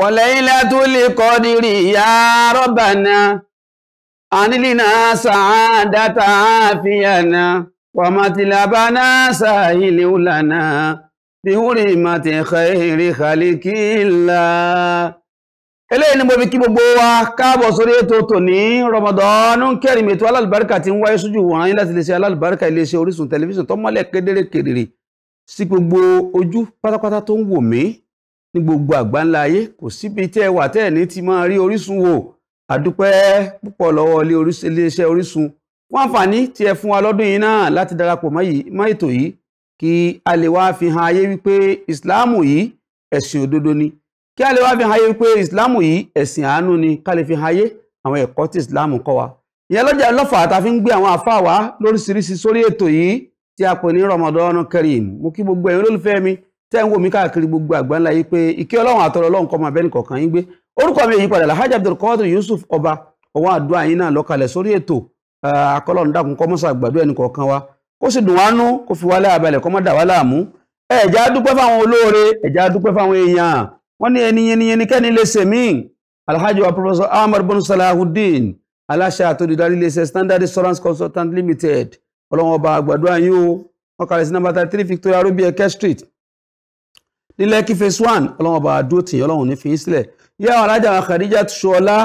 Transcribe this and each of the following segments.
وليلة القدر يا ربنا أنلنا سعادة عافينا ومطلبنا سهل لنا بحرمة خير خلق الله eléyìí ni mo fi kí gbogbo wa káàbọ̀ sórí ètò tòní Ramadan Kareem ètò alálùbáríkà tí ń wáyé sójú wọ̀nyí láti iléeṣẹ́ alálùbáríkà iléeṣẹ́ Orísun tẹlifíṣàn tó mọ́lẹ̀ kedere kedere sí gbogbo ojú pátápátá tó ń wò mí ní gbogbo àgbáńlá ayé kò síbi tẹ́ ẹ wà tẹ́ ẹ̀ ní ti máa rí Orísun wò àdúpẹ́ púpọ̀ lọ́wọ́ iléeṣẹ́ Orísun fún àǹfààní tí ẹ fún wa lọ́dún yìí náà láti darapọ̀ mọ́ ètò yìí kí a lè wá fi hàn ayé wípé ìsìláàmù yìí ẹ̀sìn òdodo ni kí a lè wá fi hàn ayé wípé ìsìláàmù yìí ẹ̀sìn àánú ni ká lè fi hàn ayé àwọn ẹ̀kọ́ tí ìsìláàmù kọ́ wa ìyẹn lọ́jà lọ́fà tá fi ń gbé àwọn àfáà wá lóríṣiríṣi sórí ètò yìí tí a pè ní Ramadan Kareem mo kí gbogbo ẹ̀yin olólùfẹ́ mi tẹ́ ń wò mí káàkiri gbogbo àgbáńlá yìí pé ìkẹ́ ọlọ́run àtọ̀rọ̀ ọlọ́run kọ́ máa bẹ́ẹ̀ nìkọ̀ọ̀kan yín gbé orúkọ mi yìí padà Alhaji Abdulquadri Yusuf ọba ọwọ́ àdúrà yín náà lọ́kàlẹ̀ sórí ètò akọ́lọ́run dákun kọ́ mọ́sà gbàdúrà ẹnìkọ̀ọ̀kan wa kó sì dùn wá nú kó fi wálé abalẹ̀ kọ́ mọ́ dà wá láàmú ẹ̀já dúpẹ́ fáwọn olóore ẹ̀já dúpẹ́ fáwọn èèyàn wọ́n ní ẹni yẹn yẹn kẹ́ni lè ṣe mí Alhaji wa Professor Ahmad bin Salahuddin aláṣẹ àtòdìdarí iléeṣẹ́ Standard Insurance Consultant Limited ọlọ́wọ́n ọba àgbàdo ayé o wọ́n kàlẹ̀ sí nàmbà thirty Victoria Rubi Eke Street ní Lẹ́kí phase one ọlọ́run ọba àdúró tì ọlọ́run ní fi sílẹ̀ yá àwọn alájà àwọn Khadija Ṣọlá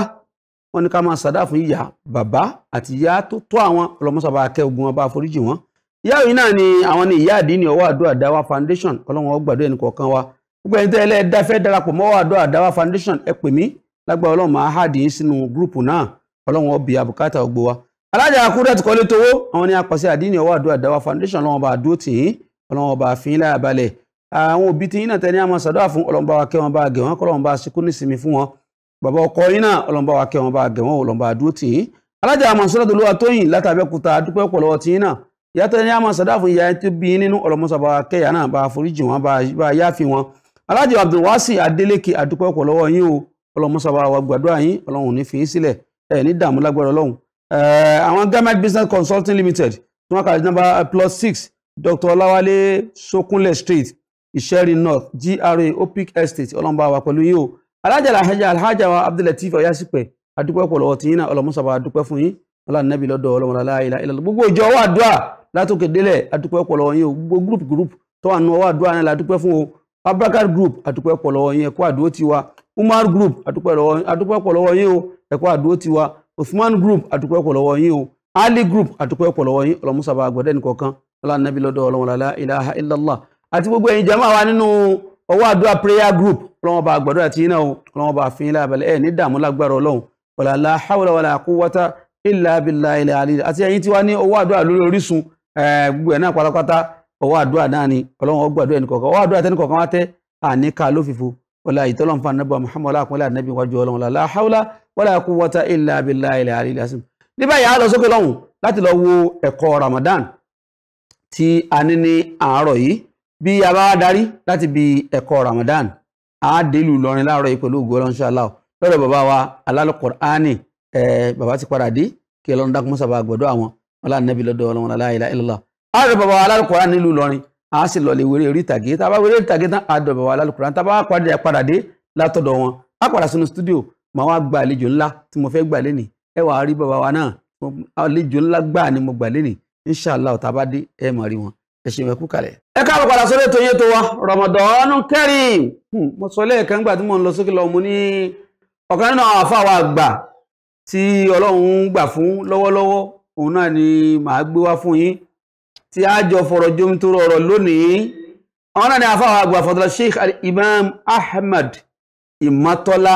wọn ni ká máa sàdá fún ìyá bàbá àti ìyá tó tó àwọn ọlọmọsàbà akẹ́ ogun ọba àforíjì wọn ìyá yìí náà ni àwọn ni ìyá àdínì ọwọ́ àdó àdáwà foundation ọlọ́run ọgbàdo ẹnì kọ̀ọ̀kan wa gbogbo ẹni tẹ́ ẹ lẹ́ẹ̀dá fẹ́ darapọ̀ mọ́wọ́ àdó àdáwà foundation ẹ pè mí lágbára ọlọ́run máa háàdì yín sínú gúrùpù náà ọlọ́run ọbì àbùkátà ògbó wa alájà ni apàṣẹ àdínì foundation ọlọ́run ọba àdó tì àwọn òbí tí yín náà tẹ́ni àmọ́ sàdúrà fún ọlọ́mbà wa kẹ́ wọn bá gẹ̀ wọ́n kọ́ lọ́mbà sikú nísìmí fún wọn bàbá ọkọ yín náà ọlọ́mbà wa kẹ́ wọn bá gẹ̀ wọ́n ọlọ́mbà dúró tì yín alájà àmọ́ sọ́dọ̀ olúwa tóyìn látàbẹ́kúta dúpẹ́ pọ̀ lọ́wọ́ tìyín náà ìyá tẹ́ni àmọ́ sàdúrà fún ìyá tó bí nínú ọlọ́mọsà bá náà bá foríjì wọn bá yáfi wọn abdulwasi adeleke àdúpẹ́ pọ̀ lọ́wọ́ yín o ọlọ́mọsà bá wa gbàdúrà yín ọlọ́run ní fi yín sílẹ̀ ẹ ní business consulting limited tí number plus six dr ọláwálé sokunle street ìṣẹ́rí north gra opic estate ọlọ́mọba wa pẹ̀lú yín o alájà alhaja alhaja wa abdulateef ọyásípẹ̀ adúpẹ́ pọ̀ lọ́wọ́ tiyín náà ọlọ́mọsàbà adúpẹ́ fún yín ọlànàbí lọ́dọ̀ ọlọ́mọlá láàyè ìlànà gbogbo ìjọ ọwọ́ àdúrà látòkè délẹ̀ adúpẹ́ pọ̀ lọ́wọ́ yín o gbogbo group group tó wà nù ọwọ́ àdúrà náà ládúpẹ́ fún o abrakar group adúpẹ́ pọ̀ lọ́wọ́ yín ẹ̀kọ́ àdúró tiwa umar group adúpẹ́ pọ̀ lọ́wọ́ yín o ẹ̀kọ́ àdúró tiwa usman group adúpẹ́ pọ̀ lọ́wọ́ yín o ali group adúpẹ́ pọ̀ lọ́wọ́ yín ọlọ́mọsàbà àgbẹ̀dẹ́ nìkọ̀ọ̀kan ọlànàbí lọ́dọ̀ ọlọ́mọlá láàyè ìlànà àti gbogbo ẹ̀yin jàmá wa nínú ọwọ́ àdúrà prayer group ọlọ́wọ́n bá gbàdúrà tí iná ọlọ́wọ́n bá fi ilá abẹ́lẹ̀ ẹ̀ ní dààmú lágbára ọlọ́run wala la hawla wala quwwata illa billahi ilẹ̀ àlè àti ẹ̀yin tí wá ní ọwọ́ àdúrà lórí Orísun gbogbo ẹ̀ náà pátápátá ọwọ́ àdúrà náà ni ọlọ́wọ́n gbàdúrà ẹnì kọ̀ọ̀kan ọwọ́ àdúrà tẹ́nì kọ̀ọ̀kan wá tẹ́ àníkà lófìfo wala ìtọ́lọ́nfà nàbà Muhammad akunlé ànábì wájú ọlọ́run wala la hawla wala quwwata illa ilẹ̀ àlè àsìm ní báyìí a lọ sókè lọ́hùn láti lọ wo ẹ̀kọ́ Ramadan tí a ní ní àárọ̀ yìí bí a bá wá darí láti bí ẹ̀kọ́ Ramadan a délù lọrin láàárọ̀ yìí pẹ̀lú ògo ọlọ́nṣẹ́ aláwọ̀ lọ́dọ̀ bàbá wa alálùkùránì ẹ̀ bàbá ti padà dé kí ọlọ́run dákun mọ́sàbà àgbọ̀dọ̀ àwọn ọlọ́nàbí lọ́dọ̀ ọlọ́run aláìlá ìlọ́lá a rẹ̀ bàbá wa alálùkùránì nílùú lọrin a sì lọ lè wéré orí ìtàgé tá a bá wéré ìtàgé tán a dọ̀ bàbá wa alálùkùránì tá a bá padà dé látọ̀dọ̀ wọn a padà sínú stúdíò màá wá gba àlejò ńlá tí mo fẹ́ gbà lénìí ẹ wàá dé ẹ ẹ̀ṣẹ̀ mẹ́kú kalẹ̀. ẹ káàbọ̀ padà sórí ètò yẹn tó wa Ramadan Kareem hmm, mo sọ lẹ́ẹ̀kan nígbà tí mo ń lọ sókè lọ mo ní ọ̀kan nínú àwọn àfáwà àgbà tí ọlọ́run ń gbà fún lọ́wọ́lọ́wọ́ òun náà ni màá gbé wá fún yín tí a jọ fọ̀rọ̀ jomi tó rọrọ̀ lónìí àwọn náà ni àfáwà àgbà fọ̀tàlá Sheikh Imam Ahmad Imatola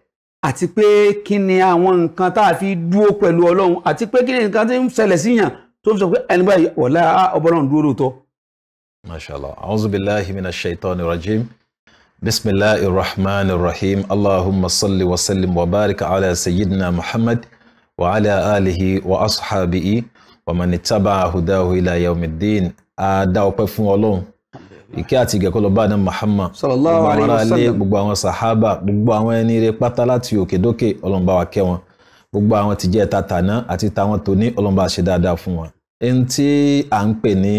àti pé kí ni àwọn nǹkan tá a fi dúró pẹ̀lú ọlọ́run àti pé kí ni nǹkan tí ń ṣẹlẹ̀ síyàn tó fi sọ pé ẹni báyìí wọ̀lá ọbọ̀lọ́run dúró lóòótọ́. mashala auzu billahi minash shaitani rajim bismillahi rahman rahim allahumma salli wa sallim wa barika ala sayyidina muhammad wa ala alihi wa ashabihi wa man ittaba ila yawmiddin a dá ọpẹ́ fún ọlọ́run ìkẹ́ àti ìgẹ̀kọ́ lọ bá àdán Muhammad sallallahu alaihi wasallam gbogbo àwọn sàhábà gbogbo àwọn ẹni rẹ pátá láti òkè dókè ọlọ́mbà wa kẹ́ wọn gbogbo àwọn tìjẹ́ ta tàná àti táwọn tó ní ọlọ́mbà ṣe dáadáa fún wọn. ẹni tí à ń pè ní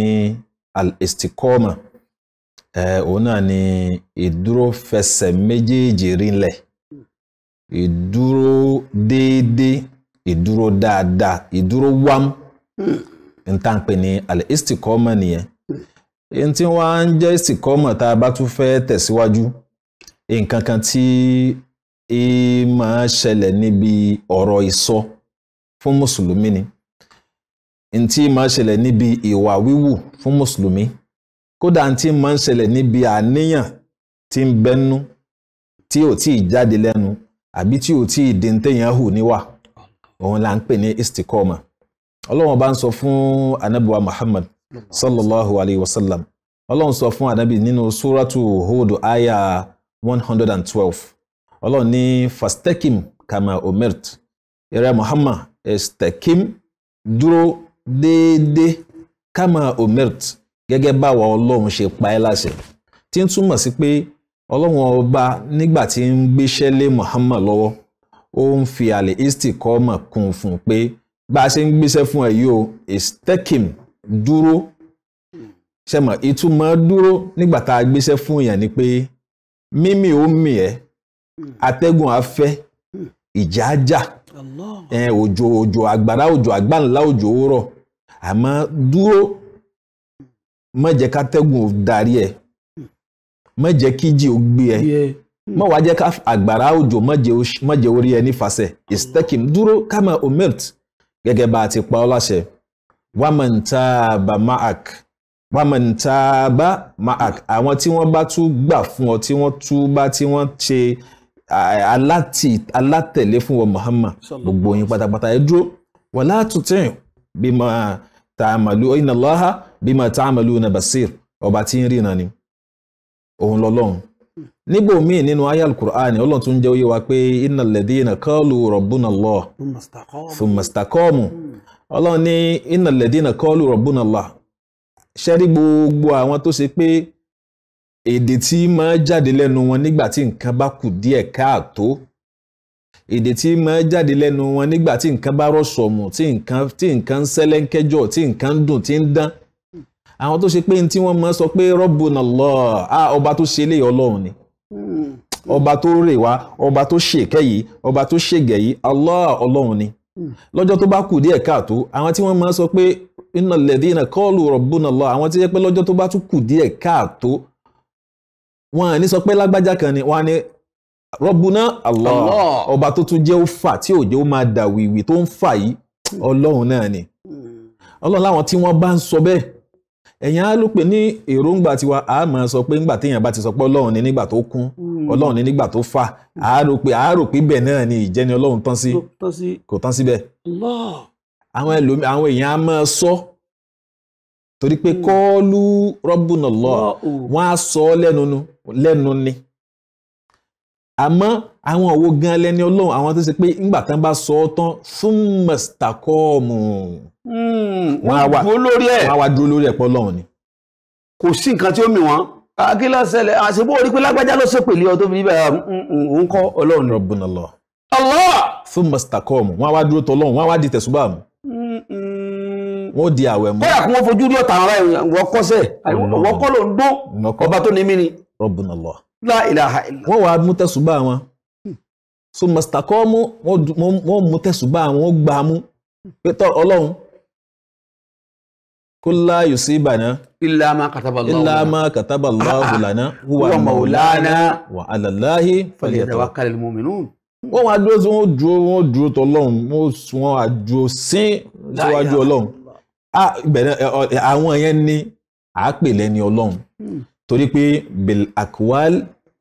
al-istiqoma òun náà ni ìdúró fẹsẹ̀ méjèèjì rinlẹ̀ ìdúró déédéé ìdúró dáadáa ìdúró wám hmm. ní tá ń pè ní al-istiqoma nìyẹn ẹni tí wọ́n á ń jẹ́ ìsìnkọ́mọ̀ tá a bá tún fẹ́ tẹ̀síwájú nǹkan kan tí ẹ máa ṣẹlẹ̀ níbi ọ̀rọ̀ ìsọ fún mùsùlùmí ni ẹni tí máa ṣẹlẹ̀ níbi ìwà wíwù fún mùsùlùmí kódà ẹni tí máa ń ṣẹlẹ̀ níbi àníyàn tí ń bẹ́nu tí ò tí ì jáde lẹ́nu àbí tí ò tí ì dín téèyàn hù níwà òun là ń pè ní ìsìnkọ́mọ̀ ọlọ́wọ́n bá ń sọ fún anábìwá Muhammad sallallahu alayhi wa sallam ọlọ́run sọ fún ànábì nínú suratu Hud aya 112. hundred and twelve ọlọ́run ní fastekim kama omert ẹ̀rẹ́ muhammad estekim dúró déédéé kama omert gẹ́gẹ́ báwa ọlọ́run ṣe pa ẹ́ láṣẹ tí ń túmọ̀ sí pé ọlọ́run ọba nígbà tí ń gbéṣẹ́ lé muhammad lọ́wọ́ ó ń fi àlè isti kún un fún un pé bá a ṣe ń gbéṣẹ́ fún ẹ yìí o estekim dúró ṣẹmọ ìtumọ̀ dúró nígbà tá a gbéṣẹ́ fún èèyàn ni pé mímì ó mì ẹ́ atẹ́gùn afẹ́ ìjà jà òjò òjò àgbàrá òjò àgbàǹlá òjò òwúrọ̀ àmọ́ dúró má jẹ́ kátẹ́gùn darí ẹ̀ má jẹ́ kíjì ó gbé ẹ má wàá jẹ́ ká àgbàrá òjò má jẹ́ orí ẹ nífàsẹ̀ ìsítẹ́kìm dúró kámẹ́ omilt gẹ́gẹ́ bá a ti pa ọ́ láṣẹ waman taaba ma'ak waman taaba ma'ak àwọn tí wọ́n bá tún gbà fún ọ tí wọ́n tún bá tí wọ́n ṣe alátẹ̀lé fún wọn Muhammad gbogbo yín pátápátá ẹ dúró wala tuti' bima ta'malu inna Allaha bima ta'maluna basir ọba tí ń rí náà ni òun lọ́lọ́run níbò míì nínú ayé alukur'ani ọlọ́run tún jẹ́ ó wa pé innal ladhina qalu rabbuna Allah thumma istaqamu. ọlọ́run ní innal ladina qalu rabbuna Allah ṣẹ́rí gbogbo àwọn tó ṣe pé èdè tí máa jáde lẹ́nu wọn nígbà tí nǹkan bá kù díẹ̀ káàtó èdè tí máa jáde lẹ́nu wọn nígbà tí nǹkan bá rọ̀ṣọ̀mù tí nǹkan tí nǹkan ń sẹ́lẹ̀ńkẹ́jọ́ tí nǹkan ń dùn tí ń dán àwọn tó ṣe pé tí wọ́n máa sọ pé rabbuna Allah á ọba tó ṣe eléyìí ọlọ́run ni hmm. ọba tó rè wá ọba tó ṣèkẹ́ ọba tó ṣègẹ̀ Allah ọlọ́run ni. lọ́jọ́ tó bá kù díẹ̀ káàtó àwọn tí wọ́n máa sọ pé iná lẹ̀dí iná kọ́ọ̀lù rọ̀bùnà lọ àwọn tí yẹ pé lọ́jọ́ tó bá tún kù díẹ̀ káàtó wọn à ní sọ pé lágbájá kan ni wọn á ní rọ̀bùnà Allah ọba tó tún jẹ́ ó fà tí òjò máa dà wìwì tó ń fà yìí hmm. ọlọ́run náà ni hmm. ọlọ́run láwọn tí wọ́n bá ń sọ bẹ́ẹ̀ ẹ̀yin á ló pé ní èròǹgbà tiwa a máa sọ pé nígbà téèyàn bá ti sọ pé ọlọ́run ni nígbà tó kún hmm. ọlọ́run ni nígbà tó fà á rò pé á rò pé bẹ́ẹ̀ náà ni ìjẹni ọlọ́run tán sí kò tán síbẹ̀. àwọn ẹlòmí àwọn èèyàn á máa sọ torí pé kọ́ọ́lù rọ́bùnà lọ wọ́n á sọ lẹ́nu lẹ́nu ni àmọ́ àwọn òwò gan lẹ́ni ọlọ́run àwọn tó ṣe pé nígbà tán bá sọ ọ́ tán fún mọ̀sítàkọ́ọ̀mù. Hmm, wọ́n wá dúró lórí ni. kò sí nǹkan tí ó mì wọ́n ah, kí ló orí ah, pé lágbájá ló ọ tó bíbẹ̀ hmm, hmm, òun kọ́ ọlọ́run. rọ̀bùnà lọ. fún mọ́sítà kọ́ọ̀mù wọ́n wá dúró wọ́n wá di wọ́n di àwẹ̀ kí wọ́n fojú rí ara ọba tó ní mí ni. fún mọ́sítà kọ́ọ̀mù wọn gbà mú. pé ọlọ́run kula yusibana illa ma kataba Allah illa ma kataba Allah ah, ah. lana huwa maulana wa ala Allahi falyatawakkalul mu'minun wọ́n wá dúró tí wọ́n dúró wọ́n dúró tọ́lọ́run wọ́n wọ́n àjò sí síwájú ọlọ́run ah, àwọn yẹn ni à á pè lẹ́ni ọlọ́run hmm. torí pé bil akwal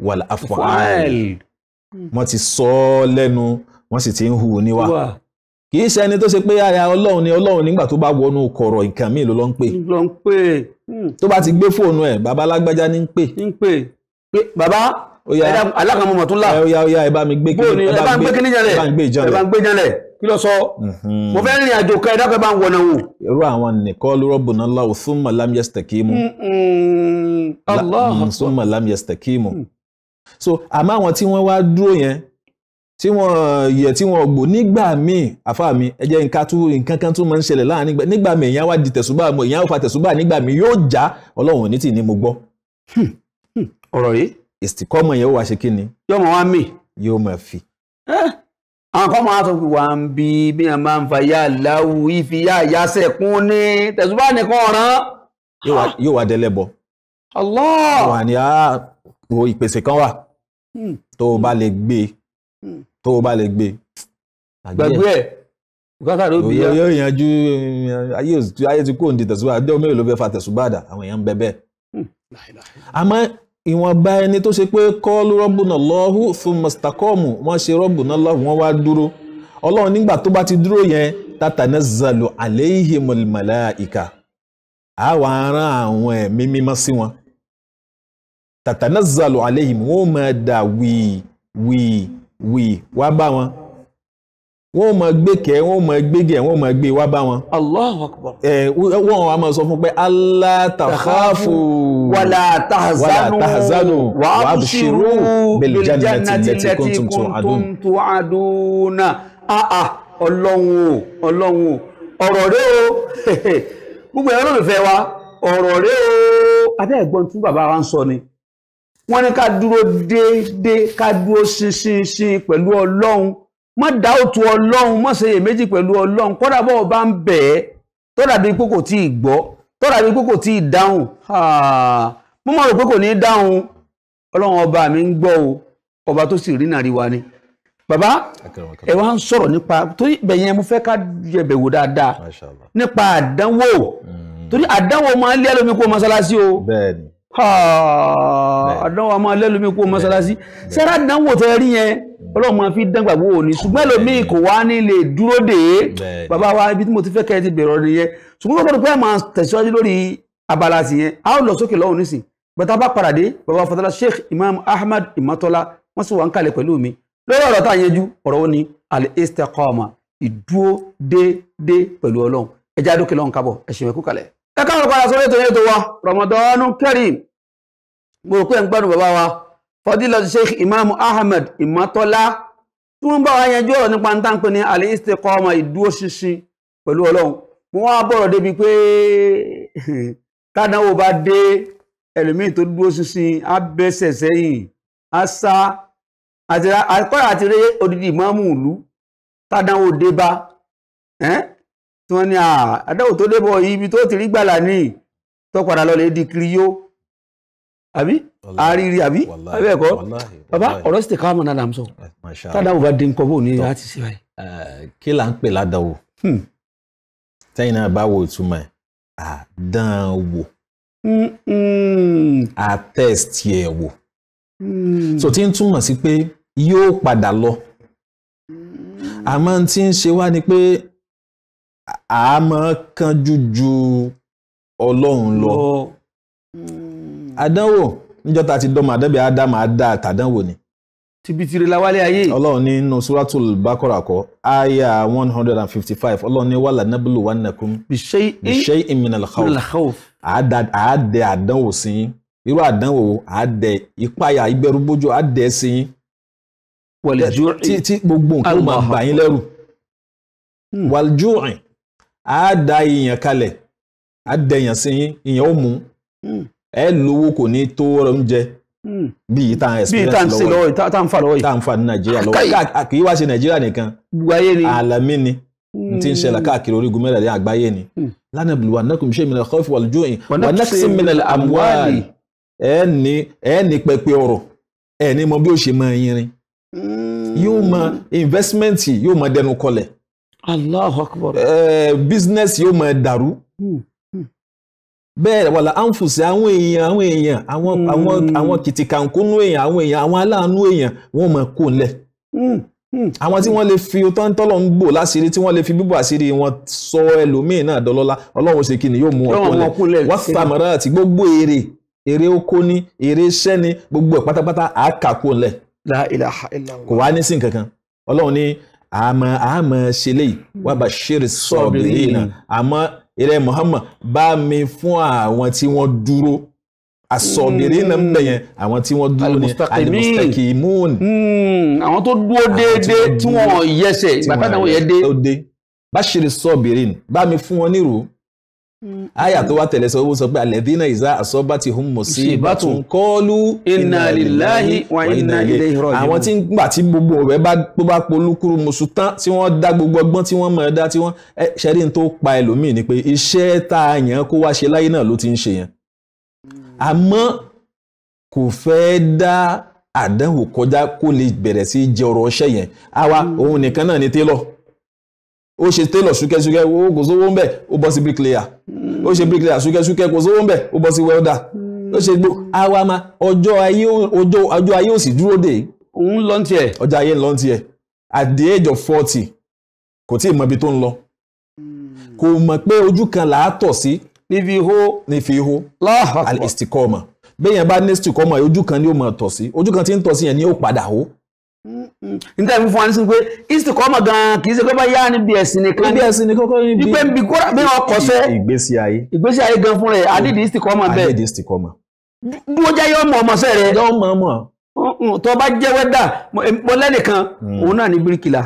wal af'al wọ́n ti sọ ọ́ lẹ́nu wọ́n sì ti ń hu níwá kì í ṣe ẹni tó ṣe pé aya ọlọ́run ni ọlọ́run nígbà tó bá wọnú kọ̀rọ̀ nǹkan míì ló lọ ń pè. ló ń pè. Hmm. tó bá ti gbé fóònù ẹ̀ bàbá alágbájá ní ń pè. ń pè pé bàbá alákàmọ́ mọ̀ tún là. ó yá ó yá ẹ bá mi gbé kí ẹ bá mi gbé kí níjàlẹ̀ ẹ bá mi gbé ìjàlẹ̀ ẹ bá mi gbé ìjàlẹ̀ kí ló sọ. Mhm. mo fẹ́ rìn àjò kan ẹ dákẹ́ bá ń wọ̀nà wò. irú àwọn nìkan ló rọ́bù náà láwù súnmọ́ lam yastakimu. súnmọ́ hmm, hmm. lam yastakimu. so àmọ́ àwọn tí wọ́n wá dúró yẹn tí wọ́n yẹ tí wọ́n gbò nígbà míì àfa mi ẹ jẹ́ nǹkan tún nǹkan kan tún máa ń ṣẹlẹ̀ láàrin nígbà míì èèyàn wá di tẹ̀sùbà èèyàn fa tẹ̀sùbà nígbà míì yóò já ọlọ́run ní tì ní mo gbọ́. Hmm, hmm, ọ̀rọ̀ yìí. ìsìkọ́mọ yẹn ó wá ṣe kí ni. yóò mọ wá mì. yóò mọ fi. àwọn kan máa sọ pé wà á ń bi bí wọn máa ń fa ya láwù ìfi ya ìyáṣẹ kún ní tẹ̀sùbà nìkan ọ̀ràn. yóò wá dẹlẹ́bọ. Allah. wà ní ìpèsè kan wà hmm. tó o bá lè gbé tó o bá lè gbé. gbàgbé ẹ̀ bùkátà ló bí ya. yóò yanjú eh, ayé ti kó òǹdí ló fẹ́ fa àwọn èèyàn ń bẹ bẹ́ẹ̀. Hmm. àmọ́ ìwọ̀nba ẹni tó ṣe pé rọ́bùnà lọ́hùn fún wọ́n ṣe rọ́bùnà lọ́hùn wọ́n wá dúró ọlọ́run nígbà dúró yẹn tata àwọn ẹ̀mí mímọ́ wọn wọ́n máa dà wì wá bá wọn wọn ò mọ gbé kẹ wọn ò mọ gbé gẹ wọn ò mọ gbé wá bá wọn. Allahu Akbar. ẹ wọn wà máa sọ fún pé Allah takhafu wala tahzanu wala tahzanu wa abshiru bil jannati allati ọ̀rọ̀ rẹ o gbogbo ẹ̀rọ ló fẹ́ wa ọ̀rọ̀ rẹ o abẹ́ ẹ̀gbọ́n tún bàbá wa ń sọ ni wọ́n ní ká dúró déédéé ká dúró ṣinṣinṣin pẹ̀lú ọlọ́run má dá òtù ọlọ́run má ṣe iyèméjì pẹ̀lú ọlọ́run kódà bọ́ ọba ń bẹ̀ ẹ́ tó dàbí pé kò tí ì gbọ́ tó dàbí pé kò tí ì dáhùn mo mọ̀ rò pé kò ní í dáhùn ọlọ́run ọba mi ń gbọ́ o ọba tó sì rí nàrí wa ni bàbá ẹ wá ń sọ̀rọ̀ nípa torí bẹ̀yẹn mo fẹ́ ká yẹ̀bẹ̀wò dáadáa nípa àdánwò hmm. torí àdánwò máa ń lé ẹlòmíkó mọ́sálásí o. bẹ́ẹ̀ni àdánwò àmọ́ alẹ́lómi kó mọ́sálásí sẹ́rà dánwò tẹ́ rí yẹn ọlọ́run máa fi dán gbàgbọ́ òní ṣùgbọ́n ẹlòmíì kò wá ní lè dúró dè é bàbá wa ibi tí mo ti fẹ́ kẹ́ ẹ ti bẹ̀rọ̀ nìyẹn ṣùgbọ́n tó gbọ́dọ̀ pé máa tẹ̀síwájú lórí abala sí yẹn a ó lọ sókè lọ́wọ́ nísìn bàtà bá paradé bàbá fatala Sheikh Imam Ahmad Imatola wọ́n sì wà ń kalẹ̀ pẹ̀lú mi lórí ọ̀rọ̀ tá a yẹjú ọ̀rọ̀ ó ní al-istiqama ìdúró déédéé pẹ̀lú ọlọ́run ẹjẹ́ adókè lọ́run kábọ̀ ẹ̀ṣẹ̀ mẹ́kú kalẹ̀. ẹ̀káwọn padà sórí onye ètò wa Ramadan Kareem mo rò pé ń gbẹ́nu bàbá wa Sheikh Imam Ahmed Imatola tí wọ́n bá wa yanjú ọ̀rọ̀ nípa níta ń pè ní al-istiqama ìdúró ṣinṣin mo wá débi pé bá dé ẹlòmíì tó dúró ṣinṣin á odidi ìlú dé tí wọ́n ní àdáwò tó débọ̀ ibi tó ti rí gbàlà ní tó padà lọ lè di kiri yó àbí àrírí àbí àbí ẹ̀kọ́ bàbá ọ̀rọ̀ sì ti káwọn mọ̀ náà là ń sọ eh, tádàwò bá dín kọ́ bó ní láti ṣe báyìí. Eh, kí là ń pè ládàwò hmm. tẹ́yìn náà bá wo ìtumọ̀ ẹ̀ àdánwò àtẹ́sítì hmm, hmm. ẹ̀ wò so tí ń túmọ̀ sí pé yóò padà lọ àmọ́ tí ń ṣe wá ni pé àmọ́ kánjú ju ọlọ́run lọ. Hmm. àdánwò níjọ́ tá a ti dọ́mọ àdánwò ádámù àdá àtàdánwò ni. tibitire la wálé ayé. ọlọ́run ní inú suratul bakora kọ aya one hundred and fifty five ọlọ́run ní wàhálà nebulu wà nàkún. bìṣẹ́ ìmìnàlá khawf. àádẹ àdánwò sí yín irú àdánwò àádẹ ìpayà ìbẹ̀rùbojo àádẹ sí yín. wàlẹ̀ jùrì tí gbogbo nǹkan máa bà lẹ́rù. wàlẹ̀ jùrì á da ìyàn kalẹ̀ á dẹ̀yàn sí ìyàn ó mú hmm. ẹ lówó kò ní tó oúnjẹ hmm. bí yìí tá à ń experience lọ́wọ́ yìí tá à ń fa lọ́wọ́ yìí tá à ń fa ní nàìjíríà lọ́wọ́ kì í wá ṣe nàìjíríà nìkan àlàmì ni n ti ń ṣẹlẹ̀ hmm. káàkiri orígun mẹ́rẹ̀ẹ̀rin àgbáyé ni lánàá bìlú wa nàkùn ṣe mìíràn kọ́fì wàlú jóyìn wà nàkùsí mìíràn àmúwáàlì ẹ ní pẹpẹ ọrọ̀ ẹ ní mọ bí ó ṣe máa yín rin yóò mọ investment yóò mọ dẹnu kọlẹ̀ Allahu akbar. Eh, bísínẹ́sì yóò máa dàrú. Hmm, hmm. bẹ́ẹ̀ wàlà àǹfùsì àwọn èèyàn àwọn èèyàn àwọn hmm. àwọn àwọn kìtìkàǹkúnú èèyàn àwọn èèyàn àwọn aláàánú èèyàn wọ́n máa kó lẹ̀. àwọn tí wọ́n lè fi tọ́ńtọ́lọ̀ ń gbò láṣìírí tí wọ́n lè fi bíbọ̀ àṣírí wọn sọ ẹlòmíín náà dọlọ́lá ọlọ́run ṣe kíni yóò mú wọn gbogbo èrè èrè oko ni ni gbogbo ẹ̀ pátápátá àákà kó lẹ̀. ama ama ṣe léyìí hmm. wà bá ṣeré sọ́ọ̀bìrìnà àmọ́ Muhammad ba mi fún àwọn tí wọ́n dúró asọ̀bìrìnà ń bẹ̀yẹn àwọn tí wọ́n dúró ní alimustakimun. Hmm, àwọn tó dúró déédéé tí wọ́n yẹsẹ̀ gbàtà àwọn yẹn dé. bá ṣeré sọ́ọ̀bìrìnà ba mi fún wọn nírò Mm. aya tó wá tẹ̀lé sọ́wọ́ sọ pé alẹ́dínà ìzá àsọ́bá ti hun mọ̀ sí bá kọ́ọ́lù inna lillahi wa inna ilayhi raji'un. àwọn tí ń gbà tí gbogbo ọ̀rẹ́ bá tó bá polúkúrú musu tán tí wọ́n dá gbogbo ọgbọ́n tí wọ́n mọ̀ ẹ́ dá tí wọ́n ṣẹ́rí tó pa ẹlòmíì ni pé iṣẹ́ tá a yàn kó wá ṣe láyé náà ló ti ń ṣe yẹn. àmọ́ kò fẹ́ dá àdánwò kọjá kó ó ṣe tailor ṣúkẹ́ṣúkẹ́ kò sówó ń bẹ̀ ó bọ́ sí bricklayer ó ṣe bricklayer ṣúkẹ́ṣúkẹ́ kò sówó ń bẹ̀ ó bọ́ sí welder ó ṣe gbó awa ma ọjọ́ ayé ọjọ́ ayé ò sì dúró dé. òun lọ ń tiẹ̀. ọjọ́ ayé lọ ń tiẹ̀ at the age of forty kò tí ì mọ ibi tó ń lọ kò mọ̀ pé ojú kan là á tọ̀ sí. ní fi hó. ní fi hó al-istiqoma bẹ́ẹ̀ yẹn bá ní istikọ́mọ̀ ojú kan ni ó mọ̀ tọ̀ sí ojú kan tí ń tọ̀ sí yẹn ni ó padà hó níta ìfún fún wa nísìnyí pé ìsìnkú ọmọ gan-an kì í ṣe pé bá yá níbi ẹ̀sìn nìkan níbi ẹ̀sìn nìkan kọ́ níbi ìpè níbi kó bí wọn kọ sẹ́ ìgbésí ayé ìgbésí ayé gan fún rẹ̀ àdídì ìsìnkú ọmọ bẹ́ẹ̀ àdídì ìsìnkú ọmọ. bí wọ́n jẹ́ yọ ọmọ ọmọ sẹ́ rẹ̀ yọ ọmọ ọmọ. tó bá jẹ́ wẹ́dà mo lẹ́nìkan mm. òun náà ni bíríkìlà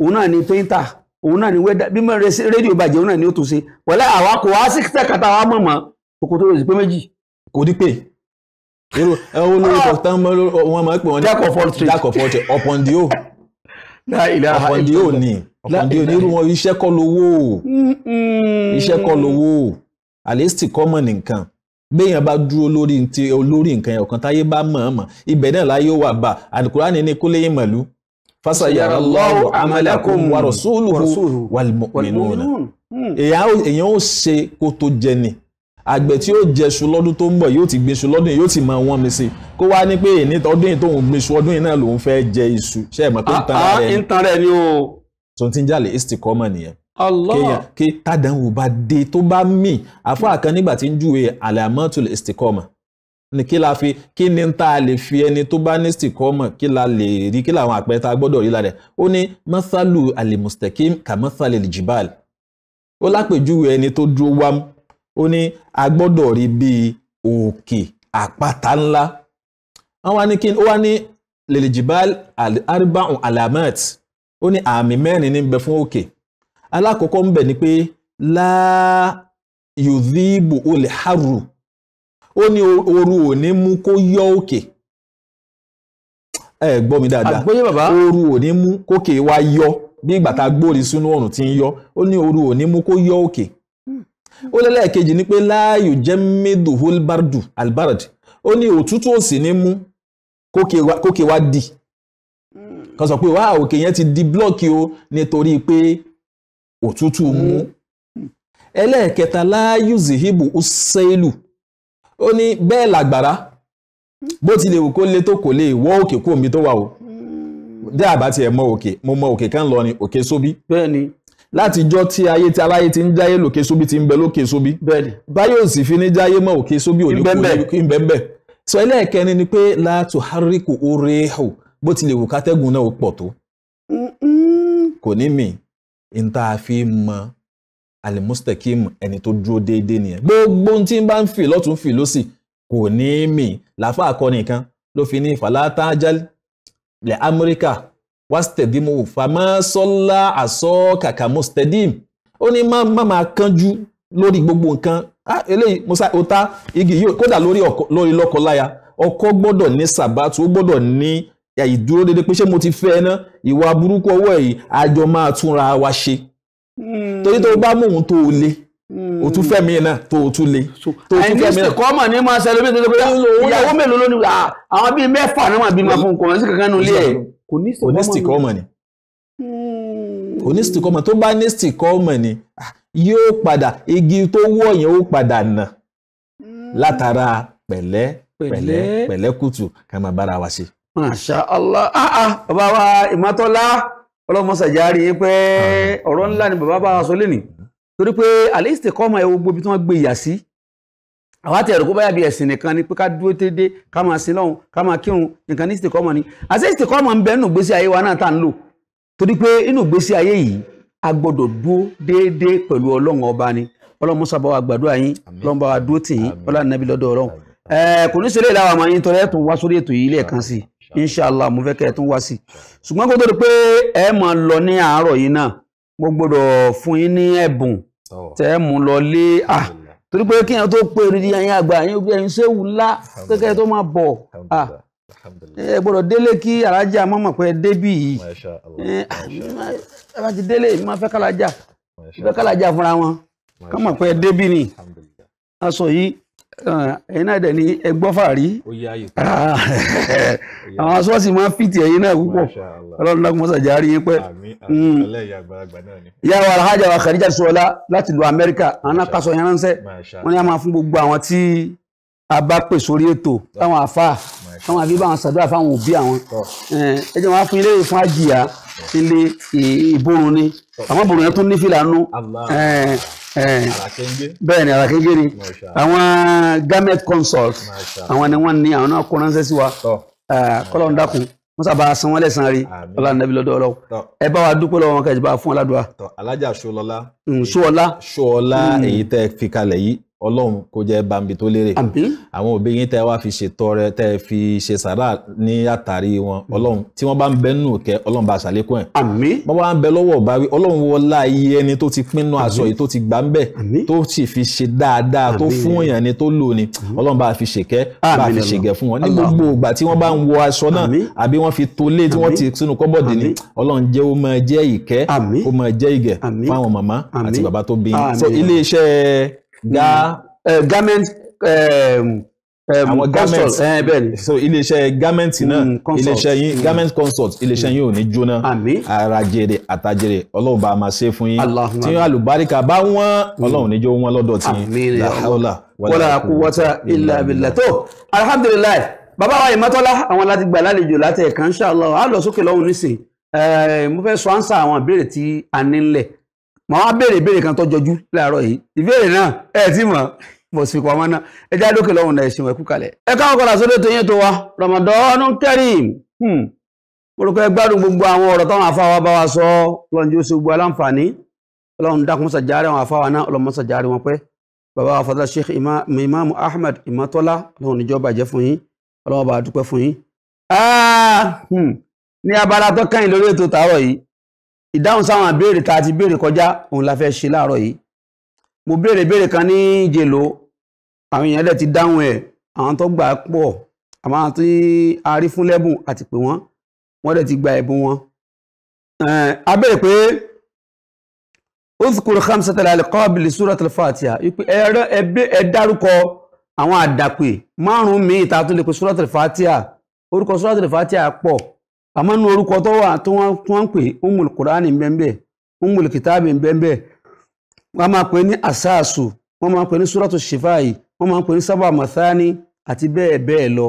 òun náà ni péńtà òun náà ni wẹ́dà bí mo rédíò bàjẹ́ òun náà ni ó tún ṣe wọ́lẹ́ àwa kò wá sí irú ẹwọ lórúkọ tán mọ wọn máa ń pè wọn ní jack of all trades jack of all trades ọ̀pọ̀ndio ọ̀pọ̀ndio ni ọ̀pọ̀ndio ni irú wọn iṣẹ́ kọ́ lówó iṣẹ́ kọ́ lówó àlẹ́sì kọ́mọ̀ nìkan béèyàn bá dúró lórí ti olórí nǹkan ẹ̀ ọ̀kan táyé bá mọ̀ ọ́n mọ̀ ibẹ̀ náà láyé ó wà bá àdìkúránì ní kólé yín mọ̀lú fasayara Allahu amalakum wa rasuluhu wal mu'minuna èèyàn ó ṣe kó tó jẹ àgbẹ̀ tí yóò jẹṣu lọ́dún tó ń bọ̀ yóò ti gbéṣu lọ́dún yìí yóò ti mọ wọn mi sí kó wá ní pé èyí ọdún yìí tóun gbéṣu ọdún yìí náà lòun fẹ́ jẹ iṣu ṣe é mọ̀ pé ń tan ah, ah, rẹ̀ ni o. tó ti ń jalè esti kọ́mọ̀ nìyẹn. kéèyàn ké tádànwò bá dé tó bá mì àfáà kan nígbà tí ń júwe àlàmọ́tò esti kọ́mọ̀ ni kí la fi kí ni tá a lè fi ẹni tó bá ní sìkọ́mọ̀ kí la lè rí kí làwọn àpẹẹrẹ tá a gbọ́dọ̀ rí la rẹ̀ ó ní masalu alimustakim kamasalil jibal ó lápèjúwe ẹni tó dúró wámú ó ní a gbọ́dọ̀ rí bíi òkè àpáta ńlá wọ́n wá ní kí ó wá ní lèlìjìbal arbaun alamat ó ní àmì mẹ́rin ní bẹ fún òkè alákọ̀ọ́kọ́ ń ni pé láà yòdìbò olè haru ó ní ooru ò ní mú kó yọ òkè ẹ gbọ́ mi dáadáa ooru ò ní mú kókè wá yọ bí ìgbà tá a gbórí sínú ọ̀run tí ń yọ ó ní ooru yọ òkè. ó lẹ́lẹ́kejì ni pé láàyò jẹ́ mẹ́dù holbardu albarad ó ní òtútù òsì ní mú kókè wá di hmm. kan sọ pé wá òkè yẹn ti di blọ́ọ̀kì o nítorí pé òtútù mú hmm. ẹlẹ́ẹ̀kẹta láàyò zihibu usailu ó ní bẹ́ẹ̀ làgbàrá bó ti lè wù kó lé tó kò lè wọ́ òkè kó omi tó wà o dé hmm. àbá tiẹ̀ mọ òkè mo mọ òkè kan lọ ni òkè sóbí. bẹ́ẹ̀ látijọ́ tí ayé tí aláyé ti ń jáyé lòkè sóbì ti ń bẹ lókè sóbì báyìí ò sì fi ní jáyé mọ́ òkè sóbì ò ní kú ìbẹ́ńbẹ́ sọ ẹlẹ́ẹ̀kẹrin ni pé látò hariku oore hù bó tilẹ̀ wù kátẹ́gùn náà ó pọ̀ tó kò ní mì ń tá a fi mọ alimustakim ẹni tó dúró déédéé nìyẹn gbogbo tí n bá ń fi lọ́tún fi lọ́sì kò ní mì láfa akọni kan ló fi ní ìfàlátà amẹ́ríkà wàstẹ̀dímù fàmọ́ sọ́lá àsọ kàkà mọ́stẹ̀dím ó ní má má máa kánjú lórí gbogbo nǹkan ah eléyìí musa ota igi yìí kódà lórí ọkọ lórí lọ́kọláya ọkọ gbọ́dọ̀ ní sàbátù ó gbọ́dọ̀ ní ìdúró déédéé pé ṣé mo ti fẹ́ ẹ ná ìwà burúkú ọwọ́ yìí àjọ máa túnra wa ṣe hmm. torí tó bá mú òun tó o le o hmm. tún fẹ́ mi náà tó o tún le tó o tún fẹ́ náà. àìní sèkọ́ mọ̀ ní máa ṣe ẹlòmíì tó ṣe pé ìyàwó mélòó ló àwọn bíi mẹ́fà náà máa bímọ fún un kò mọ̀ sí kankan nulẹ̀ kò ní sìkọ́ ọmọ ni kò ní sìkọ́ ọmọ hmm. tó bá ní sìkọ́ ọmọ ni ah, yóò padà igi tó wọ̀ yẹn ó padà nà hmm. látara pẹ̀lẹ́ pẹ̀lẹ́ pẹ̀lẹ́ kùtù ká máa bára wa ṣe. masha allah ah ah baba wa ìmọ̀tọ́lá ọlọ́mọsàjárì pé ah. ọ̀rọ̀ ńlá ni bàbá bá wa sọ lẹ́nìí hmm. torí pé àlẹ́ ìsìkọ́ ọmọ ẹ̀ gbogbo ibi tí wọ́n gbé ìyà sí. àwọn àti ẹ̀rọ kó báyà bí ẹ̀sìn nìkan ni pé ká dúró k'ama ká máa sin lọ́hùn ká máa ni àti ìsìtìkọ́mọ̀ ń bẹ nínú ìgbésí ayé wa náà tá à ń lò torí pé inú ìgbésí ayé yìí a pẹ̀lú ọlọ́run ọba ni ọlọ́run musa bá gbàdúrà yín ọlọ́run bá wa tì yín ọlọ́run kò ní ìlà yín tún wá sórí torí pé kí èèyàn tó pé orí ẹ̀yin àgbà ẹ̀yin òbí ẹ̀yin séwu ńlá kékeré tó máa bọ̀ ẹ gbọ́dọ̀ délé kí alájà má mọ̀ pé ẹ débì yìí ẹ bá ti délé máa fẹ́ kálájà fẹ́ kálájà fúnra wọn ká mọ̀ pé ẹ débì ni aṣọ yìí Eh, ẹ̀yin náà dẹ̀ ní ẹgbọ́ fàárí ah, eh, àwọn sọ́ọ̀sì máa ń fìtì ẹ̀yin náà púpọ̀ ọlọ́run náà kò mọ́sà járí yín pẹ́. Hmm. ìyá wa alhaja wa Khadija sọlá láti lu Amẹ́ríkà àná kásọ̀ yẹn ránṣẹ́ wọ́n ní a máa fún gbogbo àwọn tí a bá pè sórí ètò táwọn àfa táwọn àbí báwọn ṣàdúrà fáwọn òbí àwọn eh, ẹ jẹ́ wọn á fún ilé ìfún àjìyà ilé ìborun ni àwọn ìborun yẹn tún ní fìlà Eh. bẹ́ẹ̀ ni àràkéńgé ni àwọn gamet consult àwọn ni wọ́n ní àwọn náà kó ránṣẹ́ sí wa eh, kọ́lọ́n dákun wọ́n sábà san wọ́n lẹ́sàn rí ọlá nàbí lọ́dọ̀ ọlọ́wọ́ ẹ bá wa dúpẹ́ lọ́wọ́ wọn kẹ́jì bá fún ọlá dùn wa. alájà sọlá sọlá mm, mm. èyí tẹ́ fi kalẹ̀ yìí ọlọ́run kó jẹ́ bambi tó lérè àwọn òbí yín tẹ́ wá fi ṣètọrẹ tẹ́ fi ṣe sàrà ní àtàrí wọn ọlọ́run tí wọ́n bá ń bẹ nínú kẹ ọlọ́run bá ṣàlékún ẹ̀ wọ́n bá ń bẹ lọ́wọ́ ọ̀bá wí ọlọ́run wọlá iye ẹni tó ti pinnu aṣọ yìí tó ti gbà ń bẹ̀ tó sì fi ṣe dáadáa tó fún èèyàn ni tó lò ní ọlọ́run bá fi ṣèkẹ́ bá fi ṣègẹ̀ fún wọn ní gbogbo ìgbà tí wọ́n bá ń wọ aṣọ náà àbí wọ́n fi to lé so ilé iṣẹ́ ga uh, garment um, àwọn garment eh, bẹ́ẹ̀ni so iléeṣẹ́ garment hmm, náà iléeṣẹ́ yín hmm. garment consult iléeṣẹ́ yín ò ní jóná arajere atajere ọlọ́run bá máa ṣe fún yín tí alùbáríkà bá wọ́n ọlọ́run níjó wọ́n lọ́dọ̀ tí làhálà wàlà kúwọ́tà ilà abilà tó alhamdulilayi bàbá wa imatola àwọn láti gbà lálejò látẹ̀ẹ̀kan ṣáà lọ á lọ sókè lọ́hùn nísìn eh, mo fẹ́ sọ ánsà àwọn ìbéèrè tí a nílẹ̀ màá wá béèrè ìbéèrè kan tó jọjú láàárọ̀ yìí ìbéèrè náà ẹ ti mọ̀ bó sì pamọ́ náà ẹ já lókè lọ́wọ́n náà ẹ̀sìn ẹ̀kú kalẹ̀. ẹ káwọn kọlà sódò tó yẹn tó wa Ramadan Kareem hmm. mo rò pé gbádùn gbogbo àwọn ọ̀rọ̀ táwọn afáwa bá wa sọ ọlọ́run jẹ́ oṣù gbogbo aláǹfààní ọlọ́run dákun sàjáre àwọn afáwa náà ọlọ́run sàjáre wọn pẹ́ bàbá wa fadà Sheikh Imam Ahmad Imatola ọlọ́run níjọba jẹ́ fún yín ọlọ́run bá dúpẹ́ fún yín. Ah, hmm. ní abala tó kàn yín lórí ètò tààrọ̀ yìí ìdáhùn sáwọn àbéèrè tá a ti béèrè kọjá òun la fẹ́ ṣe láàárọ̀ yìí mo béèrè béèrè kan ní jèlò àwọn èèyàn dẹ̀ ti dáhùn ẹ̀ àwọn tó gbà pọ̀ àwọn tí a rí fún lẹ́bùn àti pé wọ́n wọ́n dẹ̀ ti gba ẹ̀bùn wọn. a béèrè pé uzkur khamsata al-alqab li surat al-fatiha wípé ẹ dárúkọ àwọn àdàpè márùn-ún míì tá lè pe surat al-fatiha orúkọ surat al-fatiha pọ̀ àmọ́ nínú orúkọ tó wà tó wọ́n tó wọ́n ń pè umul qur'ani bẹ́ẹ̀ umul kitabi wọ́n máa pè ní asaasu wọ́n máa pè ní suratu shifai wọ́n máa pè ní sábà mathani àti bẹ́ẹ̀ bẹ́ẹ̀ lọ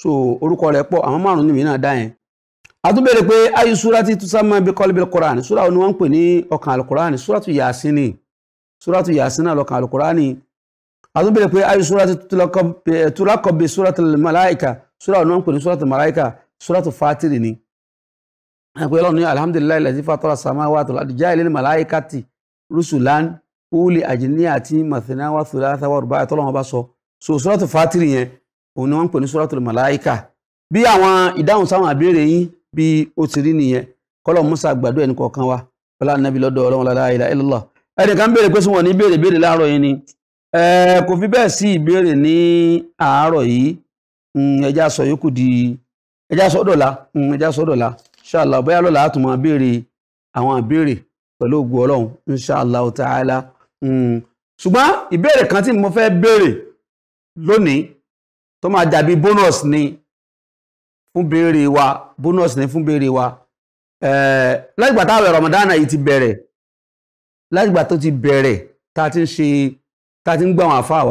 so orúkọ rẹ̀ pọ̀ àwọn márùn-ún nìmí náà dá yẹn àtúbẹ̀rẹ̀ pé ayu surati tusamma bí kọ́lí bí qur'an sura ni wọ́n ń pè ní ọkàn alukur'ani suratu yasini suratu yasini alọkàn alukur'ani àtúbẹ̀rẹ̀ pé ayu surati tulakọ̀ bí suratu malaika sura ni wọ́n pè ní suratu malaika suratu fatiri ni àpò ẹlọ́run ní alhamdulilayi lẹ́sí fatọ́ra samawati láti já ilé màláìkàtì rusulan kúlì àjìní àti mathina wa thulatha wa ruba'a tọ́lọ́wọ́n bá sọ so suratu fatiri yẹn òun ni wọ́n ń pè ní suratu màláìkà bí àwọn ìdáhùn sáwọn àbẹ̀rẹ̀ yín bí ó ti rí nìyẹn kọ́lọ̀ musa gbàdó ẹnì kọ̀ọ̀kan wa ọlá nàbí lọ́dọ̀ ọlọ́run la ilaha illallah ẹnìkan béèrè pé sún wọn ní béèrè béèrè láàárọ̀ yìí ni kò fi bẹ́ẹ̀ sí ìbéèrè ní àárọ̀ yìí ẹja sọ yòókù di ẹjá sọ́dọ̀ la mm, ẹjá sọ́dọ̀ la ṣáàlá bóyá lọ́la á tún máa béèrè àwọn àbéèrè pẹ̀lú ògùn ọlọ́run ṣáàlá ta'ala mm, ṣùgbọ́n ìbéèrè kan tí mo fẹ́ béèrè lónìí tó máa dàbí bonus ni fún béèrè wa bonus ni fún béèrè wa eh, láìgbà táwọn Ramadan yìí ti bẹ̀rẹ̀ láìgbà tó ti bẹ̀rẹ̀ tá a ti ń ṣe tá a ti ń gbé àwọn àfáà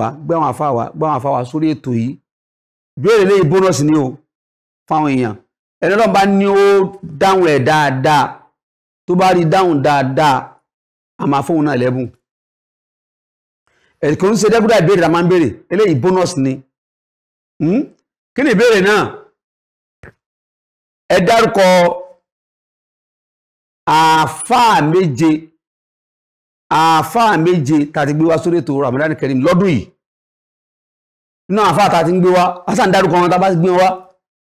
wa gbé àwọn sórí ètò yìí béèrè lẹ́yìn bonus ni o fáwọn èèyàn ẹni ọlọ́run bá ní ó dáhùn rẹ̀ dáadáa tó bá rí dáhùn dáadáa a máa fóun náà lẹ́bùn ẹ̀kọ́ ń ṣe dẹ́kúdà ìbéèrè la máa ń béèrè eléyìí bónọ́sì ni hmm? kí ni ìbéèrè náà ẹ dárúkọ àáfàá méje àáfàá méje tàti gbé wá sórí ètò Ramadan Kareem lọ́dún yìí nínú àáfàá tàti gbé wá asán dárúkọ wọn tá a bá gbé wá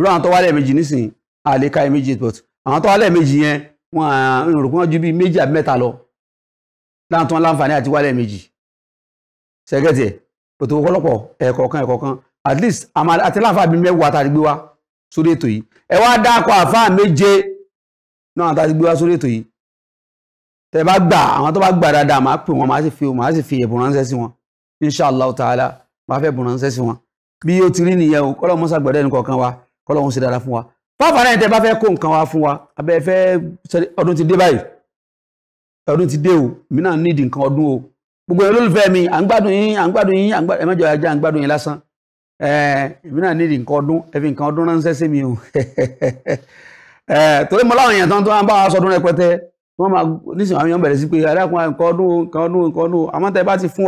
irú àwọn tó wá lẹ́ẹ̀mejì nísìnyí àlékà méjì but àwọn tó wá lẹ́ẹ̀mejì yẹn wọn rò pé wọ́n ju bíi méjì àbí mẹ́ta lọ láwọn tó wọn láǹfààní àti wá lẹ́ẹ̀mejì sẹ́kẹ̀tì òtò ọ̀pọ̀lọpọ̀ ẹ̀kọ̀ọ̀kan ẹ̀kọ̀ọ̀kan at least àti láǹfààní bíi mẹ́wàá tá a ti gbé wá sórí ètò yìí ẹ wá dákọ̀ àfáà méje náà tá a ti gbé wá sórí ètò yìí tẹ bá gbà àwọn tó bá gbà dáadáa máa pè wọn máa sì fi máa sì fi ẹ̀bùn ránṣẹ́ sí wọn inshallah ta'ala máa fẹ́ ẹ̀bùn ránṣẹ́ sí wọn bí ó ti rí nìyẹn o kọ́lọ́ mọ́sàgbọ́dẹ́ nìkan kan wa ọlọ́run ṣe dára fún wa fáfàrà ẹ̀ tẹ́ bá fẹ́ kó nǹkan wá fún wa abẹ́ fẹ́ ọdún ti dé báyìí ọdún ti dé o mi náà nídìí nǹkan ọdún o gbogbo ẹ̀ lólùfẹ́ mi à ń gbádùn yín à ń gbádùn yín ẹ mẹ́jọ ajá à ń gbádùn yín lásán mi náà nídìí nǹkan ọdún ẹ fi nǹkan ọdún ránṣẹ́ sí mi o torí mo láwọn èèyàn tó ń bá wa sọdún rẹpẹtẹ wọ́n máa nísìnyí àwọn èèyàn bẹ̀rẹ̀ sí pé adákùn nǹkan ọdún nǹkan ọdún nǹkan ọdún àmọ́ tẹ́ bá ti fún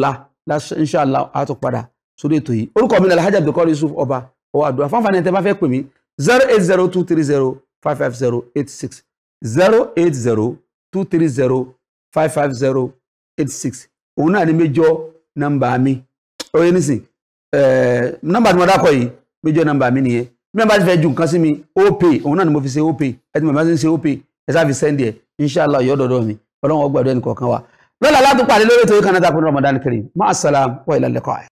wa inṣàlá àtúpadà sórí ètò yìí orúkọ mi ni alhaji abdulkari yusuf ọba ọwọ àdúrà fáfáni ẹ̀tẹ́ bá fẹ́ pè mí zero eight zero two three zero five five zero eight six zero eight zero two three zero five five zero eight six òun náà ni méjọ nọ́mbà mi oye nísìn eh, nọ́mbà tí mo dákọ yìí méjọ nọ́mbà mi nìyẹn bí wọ́n bá ti fẹ́ ju nǹkan sí mi opay òun náà ni mo fi ṣe opay ẹ ti mọ̀ bí wọ́n ti ń ṣe opay ẹ sáà fi sẹ́ndì ẹ̀ inṣàlá yọ̀ọ́dọ̀dọ̀ mi ọlọ́run ọgbàdo ẹnì kọ̀ọ̀kan wa lọ́la látúpàdé lórí ètò ìkànnì Ramadan Kareem Ma'as salam wa ila liqa